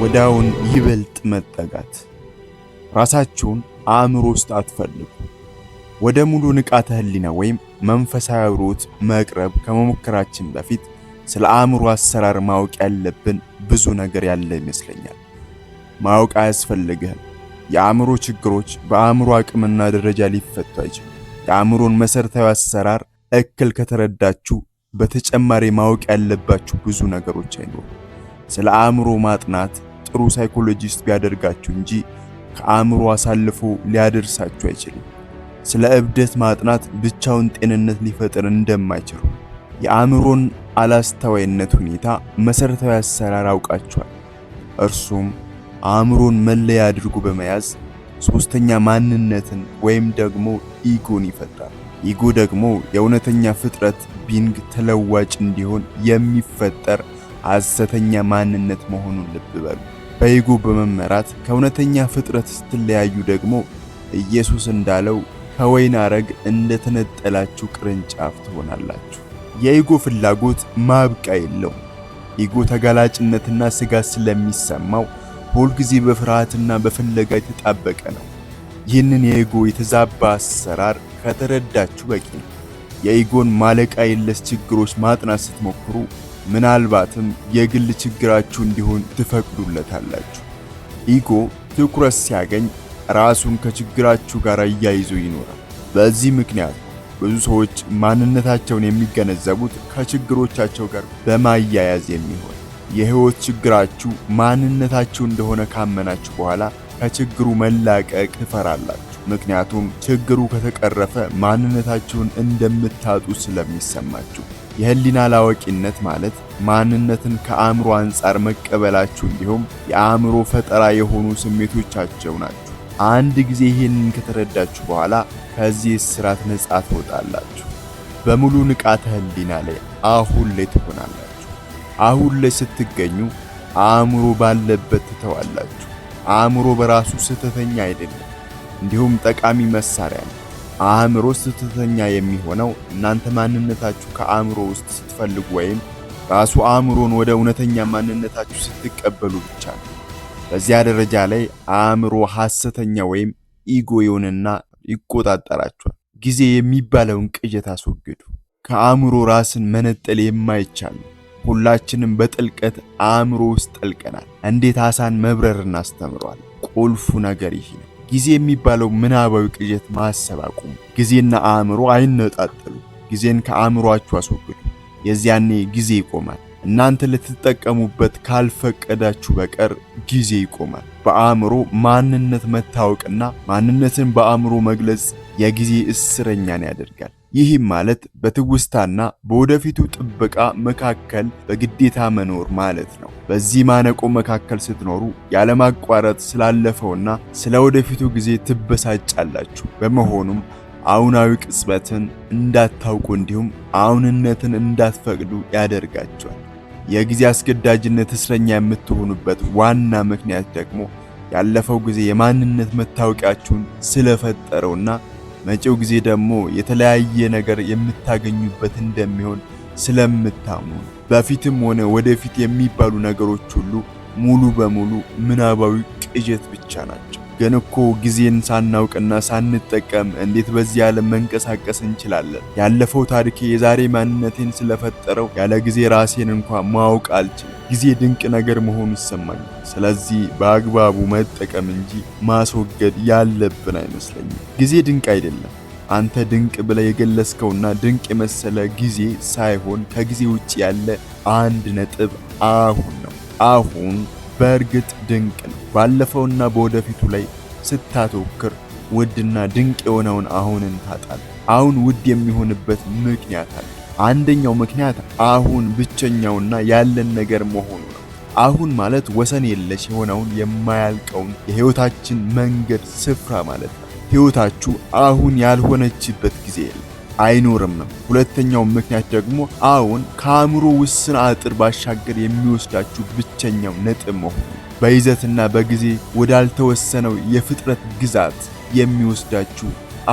ወዳውን ይበልጥ መጠጋት። ራሳችሁን አእምሮ ውስጥ አትፈልጉ። ወደ ሙሉ ንቃተ ህሊና ወይም መንፈሳዊ ሩት መቅረብ ከመሞከራችን በፊት ስለ አእምሮ አሰራር ማወቅ ያለብን ብዙ ነገር ያለ ይመስለኛል። ማወቅ አያስፈልግህም። የአእምሮ ችግሮች በአእምሮ አቅምና ደረጃ ሊፈቱ አይችሉም። የአእምሮን መሠረታዊ አሰራር እክል ከተረዳችሁ በተጨማሪ ማወቅ ያለባችሁ ብዙ ነገሮች አይኖሩ። ስለ አእምሮ ማጥናት ጥሩ ሳይኮሎጂስት ቢያደርጋችሁ እንጂ ከአእምሮ አሳልፎ ሊያደርሳችሁ አይችልም። ስለ እብደት ማጥናት ብቻውን ጤንነት ሊፈጥር እንደማይችሉ የአእምሮን አላስተዋይነት ሁኔታ መሰረታዊ አሰራር አውቃችኋል። እርሱም አእምሮን መለያ አድርጎ በመያዝ ሶስተኛ ማንነትን ወይም ደግሞ ኢጎን ይፈጥራል። ኢጎ ደግሞ የእውነተኛ ፍጥረት ቢንግ ተለዋጭ እንዲሆን የሚፈጠር ሐሰተኛ ማንነት መሆኑን ልብ በሉ። በይጎ በመመራት ከእውነተኛ ፍጥረት ስትለያዩ ደግሞ ኢየሱስ እንዳለው ከወይን አረግ እንደተነጠላችሁ ቅርንጫፍ ትሆናላችሁ። የኢጎ ፍላጎት ማብቂያ የለውም። ኢጎ ተጋላጭነትና ስጋት ስለሚሰማው ሁልጊዜ በፍርሃትና በፍለጋ የተጣበቀ ነው። ይህንን የኢጎ የተዛባ አሰራር ከተረዳችሁ በቂ ነው። የኢጎን ማለቃ የለስ ችግሮች ማጥናት ስትሞክሩ ምናልባትም የግል ችግራችሁ እንዲሆን ትፈቅዱለታላችሁ። ኢጎ ትኩረት ሲያገኝ ራሱን ከችግራችሁ ጋር እያይዞ ይኖራል። በዚህ ምክንያት ብዙ ሰዎች ማንነታቸውን የሚገነዘቡት ከችግሮቻቸው ጋር በማያያዝ የሚሆን የህይወት ችግራችሁ ማንነታችሁ እንደሆነ ካመናችሁ በኋላ ከችግሩ መላቀቅ ትፈራላችሁ። ምክንያቱም ችግሩ ከተቀረፈ ማንነታችሁን እንደምታጡ ስለሚሰማችሁ። የህሊና ላዋቂነት ማለት ማንነትን ከአእምሮ አንጻር መቀበላችሁ እንዲሁም የአእምሮ ፈጠራ የሆኑ ስሜቶቻቸው ናቸው። አንድ ጊዜ ይህንን ከተረዳችሁ በኋላ ከዚህ እስራት ነፃ ትወጣላችሁ። በሙሉ ንቃተ ህሊና ላይ አሁን ላይ ትሆናላችሁ። አሁን ላይ ስትገኙ አእምሮ ባለበት ትተዋላችሁ። አእምሮ በራሱ ስህተተኛ አይደለም፣ እንዲሁም ጠቃሚ መሳሪያ ነው። አእምሮ ስህተተኛ የሚሆነው እናንተ ማንነታችሁ ከአእምሮ ውስጥ ስትፈልጉ ወይም ራሱ አእምሮን ወደ እውነተኛ ማንነታችሁ ስትቀበሉ ብቻ ነው። በዚያ ደረጃ ላይ አእምሮ ሐሰተኛ ወይም ኢጎ ይሆንና ይቆጣጠራችኋል። ጊዜ የሚባለውን ቅዠት አስወግዱ። ከአእምሮ ራስን መነጠል የማይቻል ሁላችንም በጥልቀት አእምሮ ውስጥ ጠልቀናል። እንዴት አሳን መብረርን አስተምሯል። ቁልፉ ነገር ይህ ነው። ጊዜ የሚባለው ምናባዊ ቅዠት ማሰብ አቁሙ። ጊዜና አእምሮ አይነጣጠሉ። ጊዜን ከአእምሮአችሁ አስወግዱ። የዚያኔ ጊዜ ይቆማል። እናንተ ልትጠቀሙበት ካልፈቀዳችሁ በቀር ጊዜ ይቆማል። በአእምሮ ማንነት መታወቅና ማንነትን በአእምሮ መግለጽ የጊዜ እስረኛን ያደርጋል። ይህም ማለት በትውስታና በወደፊቱ ጥበቃ መካከል በግዴታ መኖር ማለት ነው። በዚህ ማነቆ መካከል ስትኖሩ ያለማቋረጥ ስላለፈውና ስለ ወደፊቱ ጊዜ ትበሳጫላችሁ። በመሆኑም አሁናዊ ቅጽበትን እንዳታውቁ እንዲሁም አሁንነትን እንዳትፈቅዱ ያደርጋቸዋል። የጊዜ አስገዳጅነት እስረኛ የምትሆኑበት ዋና ምክንያት ደግሞ ያለፈው ጊዜ የማንነት መታወቂያችሁን ስለፈጠረውና መጪው ጊዜ ደግሞ የተለያየ ነገር የምታገኙበት እንደሚሆን ስለምታምኑ በፊትም ሆነ ወደፊት የሚባሉ ነገሮች ሁሉ ሙሉ በሙሉ ምናባዊ ቅዠት ብቻ ናቸው። ግን እኮ ጊዜን ሳናውቅና ሳንጠቀም እንዴት በዚህ ዓለም መንቀሳቀስ እንችላለን? ያለፈው ታሪኬ የዛሬ ማንነቴን ስለፈጠረው ያለ ጊዜ ራሴን እንኳ ማወቅ አልችልም። ጊዜ ድንቅ ነገር መሆኑ ይሰማኛል። ስለዚህ በአግባቡ መጠቀም እንጂ ማስወገድ ያለብን አይመስለኝም። ጊዜ ድንቅ አይደለም። አንተ ድንቅ ብለህ የገለጽከውና ድንቅ የመሰለ ጊዜ ሳይሆን ከጊዜ ውጭ ያለ አንድ ነጥብ አሁን ነው። አሁን በእርግጥ ድንቅ ነው። ባለፈውና በወደፊቱ ላይ ስታተኩር ውድና ድንቅ የሆነውን አሁንን ታጣል። አሁን ውድ የሚሆንበት ምክንያት አለ። አንደኛው ምክንያት አሁን ብቸኛውና ያለን ነገር መሆኑ ነው። አሁን ማለት ወሰን የለሽ የሆነውን የማያልቀውን የህይወታችን መንገድ ስፍራ ማለት ነው። ህይወታችሁ አሁን ያልሆነችበት ጊዜ የለም። አይኖርም። ሁለተኛው ምክንያት ደግሞ አሁን ከአእምሮ ውስን አጥር ባሻገር የሚወስዳችሁ ብቸኛው ነጥብ መሆኑ በይዘትና በጊዜ ወዳልተወሰነው የፍጥረት ግዛት የሚወስዳችሁ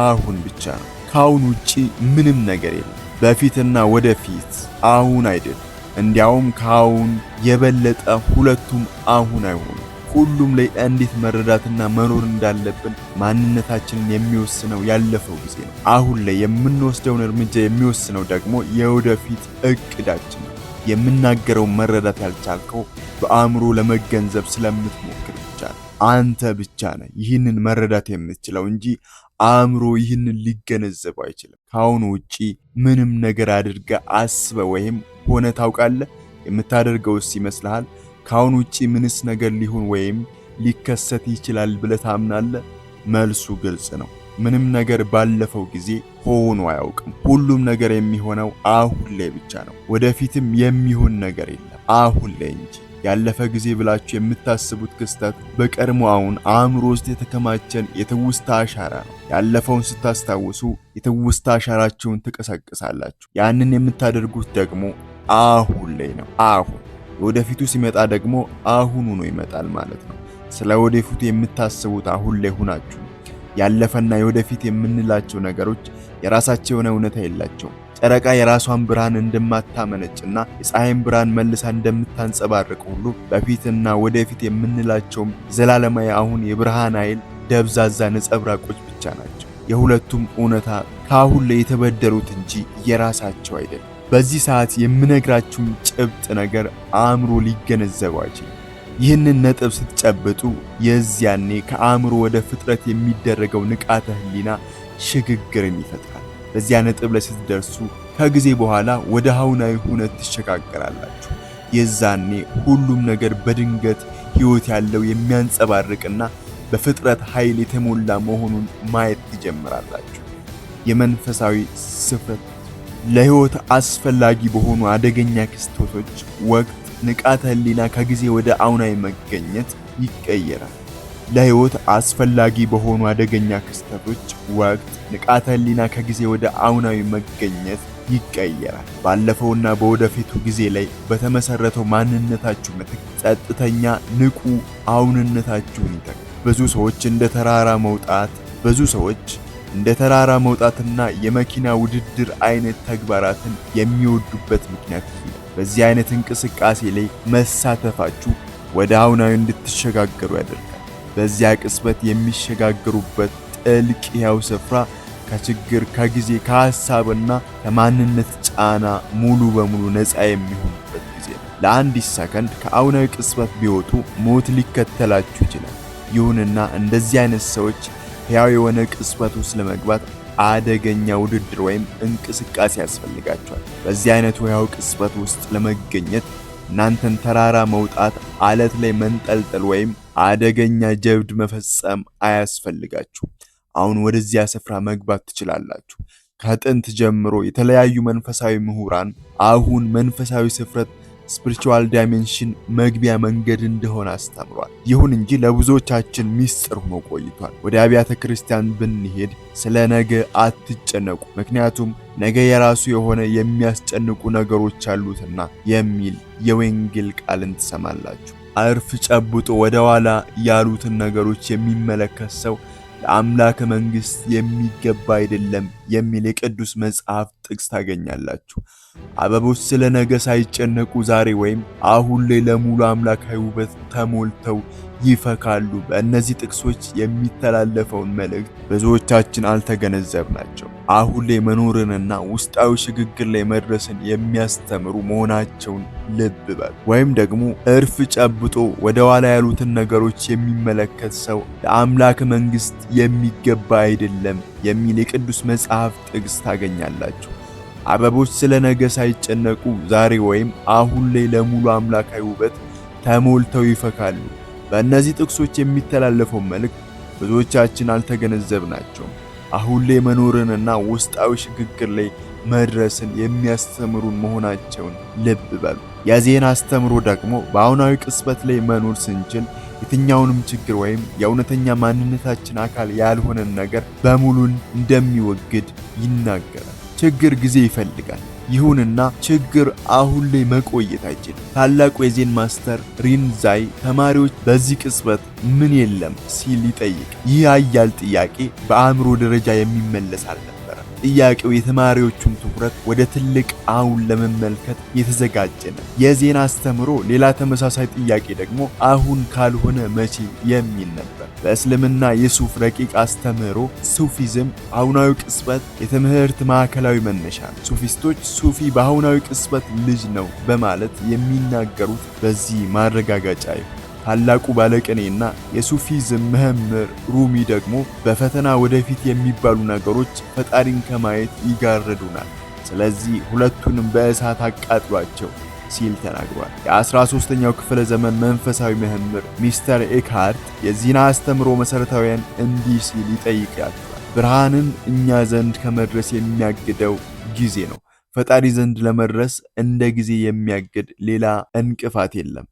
አሁን ብቻ ነው። ከአሁን ውጪ ምንም ነገር የለም። በፊትና ወደፊት አሁን አይደለም። እንዲያውም ከአሁን የበለጠ ሁለቱም አሁን አይሆኑ ሁሉም ላይ እንዴት መረዳትና መኖር እንዳለብን ማንነታችንን የሚወስነው ያለፈው ጊዜ ነው። አሁን ላይ የምንወስደውን እርምጃ የሚወስነው ደግሞ የወደፊት እቅዳችን ነው። የምናገረው መረዳት ያልቻልከው በአእምሮ ለመገንዘብ ስለምትሞክር ብቻ ነው። አንተ ብቻ ነህ ይህንን መረዳት የምትችለው እንጂ አእምሮ ይህንን ሊገነዘብ አይችልም። ከአሁኑ ውጪ ምንም ነገር አድርገ አስበ ወይም ሆነ ታውቃለህ? የምታደርገውስ ይመስልሃል? ከአሁን ውጪ ምንስ ነገር ሊሆን ወይም ሊከሰት ይችላል ብለህ ታምናለህ? መልሱ ግልጽ ነው። ምንም ነገር ባለፈው ጊዜ ሆኖ አያውቅም። ሁሉም ነገር የሚሆነው አሁን ላይ ብቻ ነው። ወደፊትም የሚሆን ነገር የለም አሁን ላይ እንጂ። ያለፈ ጊዜ ብላችሁ የምታስቡት ክስተት በቀድሞ አሁን አእምሮ ውስጥ የተከማቸን የትውስታ አሻራ ነው። ያለፈውን ስታስታውሱ የትውስታ አሻራችሁን ትቀሰቅሳላችሁ። ያንን የምታደርጉት ደግሞ አሁን ላይ ነው አሁን ወደፊቱ ሲመጣ ደግሞ አሁኑ ነው ይመጣል ማለት ነው። ስለ ወደፊቱ የምታስቡት አሁን ላይ ሁናችሁ ያለፈና የወደፊት የምንላቸው ነገሮች የራሳቸው የሆነ እውነታ የላቸውም። ጨረቃ የራሷን ብርሃን እንደማታመነጭና የፀሐይን ብርሃን መልሳ እንደምታንጸባርቅ ሁሉ በፊትና ወደፊት የምንላቸውም ዘላለማዊ አሁን የብርሃን ኃይል ደብዛዛ ነጸብራቆች ብቻ ናቸው። የሁለቱም እውነታ ከአሁን ላይ የተበደሩት እንጂ የራሳቸው አይደለም። በዚህ ሰዓት የምነግራችሁን ጭብጥ ነገር አእምሮ ሊገነዘበው አይችልም። ይህንን ነጥብ ስትጨብጡ የዚያኔ ከአእምሮ ወደ ፍጥረት የሚደረገው ንቃተ ህሊና ሽግግርን ይፈጥራል። በዚያ ነጥብ ላይ ስትደርሱ ከጊዜ በኋላ ወደ ሀውናዊ ሁነት ትሸጋገራላችሁ። የዛኔ ሁሉም ነገር በድንገት ህይወት ያለው የሚያንጸባርቅና በፍጥረት ኃይል የተሞላ መሆኑን ማየት ትጀምራላችሁ። የመንፈሳዊ ስፍረት ለህይወት አስፈላጊ በሆኑ አደገኛ ክስተቶች ወቅት ንቃተ ህሊና ከጊዜ ወደ አሁናዊ መገኘት ይቀየራል። ለህይወት አስፈላጊ በሆኑ አደገኛ ክስተቶች ወቅት ንቃተ ህሊና ከጊዜ ወደ አሁናዊ መገኘት ይቀየራል። ባለፈውና በወደፊቱ ጊዜ ላይ በተመሰረተው ማንነታችሁ ምትክ ጸጥተኛ ንቁ አሁንነታችሁን ይተካል። ብዙ ሰዎች እንደ ተራራ መውጣት፣ ብዙ ሰዎች እንደ ተራራ መውጣትና የመኪና ውድድር አይነት ተግባራትን የሚወዱበት ምክንያት ይህ ነው። በዚህ አይነት እንቅስቃሴ ላይ መሳተፋችሁ ወደ አሁናዊ እንድትሸጋገሩ ያደርጋል። በዚያ ቅጽበት የሚሸጋገሩበት ጥልቅ ሕያው ስፍራ ከችግር፣ ከጊዜ፣ ከሐሳብና ከማንነት ጫና ሙሉ በሙሉ ነፃ የሚሆኑበት ጊዜ ነው። ለአንድ ሰከንድ ከአሁናዊ ቅጽበት ቢወጡ ሞት ሊከተላችሁ ይችላል። ይሁንና እንደዚህ አይነት ሰዎች ሕያው የሆነ ቅጽበት ውስጥ ለመግባት አደገኛ ውድድር ወይም እንቅስቃሴ ያስፈልጋቸዋል። በዚህ አይነቱ ሕያው ቅጽበት ውስጥ ለመገኘት እናንተን ተራራ መውጣት፣ አለት ላይ መንጠልጠል ወይም አደገኛ ጀብድ መፈጸም አያስፈልጋችሁ። አሁን ወደዚያ ስፍራ መግባት ትችላላችሁ። ከጥንት ጀምሮ የተለያዩ መንፈሳዊ ምሁራን አሁን መንፈሳዊ ስፍረት ስፒሪቹዋል ዳይሜንሽን መግቢያ መንገድ እንደሆነ አስተምሯል። ይሁን እንጂ ለብዙዎቻችን ሚስጥር ሆኖ ቆይቷል። ወደ አብያተ ክርስቲያን ብንሄድ ስለ ነገ አትጨነቁ፣ ምክንያቱም ነገ የራሱ የሆነ የሚያስጨንቁ ነገሮች አሉትና የሚል የወንጌል ቃልን ትሰማላችሁ። አርፍ ጨብጦ ወደ ኋላ ያሉትን ነገሮች የሚመለከት ሰው ለአምላከ መንግሥት የሚገባ አይደለም የሚል የቅዱስ መጽሐፍ ጥቅስ ታገኛላችሁ። አበቦች ስለ ነገ ሳይጨነቁ ዛሬ ወይም አሁን ላይ ለሙሉ አምላካዊ ውበት ተሞልተው ይፈካሉ። በእነዚህ ጥቅሶች የሚተላለፈውን መልእክት ብዙዎቻችን አልተገነዘብናቸው። አሁን ላይ መኖርንና ውስጣዊ ሽግግር ላይ መድረስን የሚያስተምሩ መሆናቸውን ልብ በል። ወይም ደግሞ እርፍ ጨብጦ ወደ ኋላ ያሉትን ነገሮች የሚመለከት ሰው ለአምላክ መንግስት የሚገባ አይደለም የሚል የቅዱስ መጽሐፍ ጥቅስ ታገኛላችሁ። አበቦች ስለ ነገ ሳይጨነቁ ዛሬ ወይም አሁን ላይ ለሙሉ አምላካዊ ውበት ተሞልተው ይፈካሉ። በእነዚህ ጥቅሶች የሚተላለፈው መልእክት ብዙዎቻችን አልተገነዘብናቸውም። አሁን ላይ መኖርንና ውስጣዊ ሽግግር ላይ መድረስን የሚያስተምሩን መሆናቸውን ልብ በሉ። የዜና አስተምሮ ደግሞ በአሁናዊ ቅጽበት ላይ መኖር ስንችል የትኛውንም ችግር ወይም የእውነተኛ ማንነታችን አካል ያልሆነን ነገር በሙሉን እንደሚወግድ ይናገራል። ችግር ጊዜ ይፈልጋል። ይሁንና ችግር አሁን ላይ መቆየት አይችልም። ታላቁ የዜን ማስተር ሪንዛይ ተማሪዎች በዚህ ቅጽበት ምን የለም ሲል ይጠይቅ። ይህ አያል ጥያቄ በአእምሮ ደረጃ የሚመለስ አለ ጥያቄው የተማሪዎቹን ትኩረት ወደ ትልቅ አሁን ለመመልከት የተዘጋጀ ነው። የዜና አስተምሮ ሌላ ተመሳሳይ ጥያቄ ደግሞ አሁን ካልሆነ መቼ የሚል ነበር። በእስልምና የሱፍ ረቂቅ አስተምህሮ ሱፊዝም አሁናዊ ቅጽበት የትምህርት ማዕከላዊ መነሻ ነው። ሱፊስቶች ሱፊ በአሁናዊ ቅጽበት ልጅ ነው በማለት የሚናገሩት በዚህ ማረጋገጫ ይሁን ታላቁ ባለቅኔና የሱፊ መምህር ሩሚ ደግሞ በፈተና ወደፊት የሚባሉ ነገሮች ፈጣሪን ከማየት ይጋርዱናል፣ ስለዚህ ሁለቱንም በእሳት አቃጥሏቸው ሲል ተናግሯል። የ13ኛው ክፍለ ዘመን መንፈሳዊ ምህምር ሚስተር ኤክሃርት የዚህን አስተምሮ መሠረታዊያን እንዲህ ሲል ይጠይቃቸዋል። ብርሃንን እኛ ዘንድ ከመድረስ የሚያግደው ጊዜ ነው። ፈጣሪ ዘንድ ለመድረስ እንደ ጊዜ የሚያግድ ሌላ እንቅፋት የለም።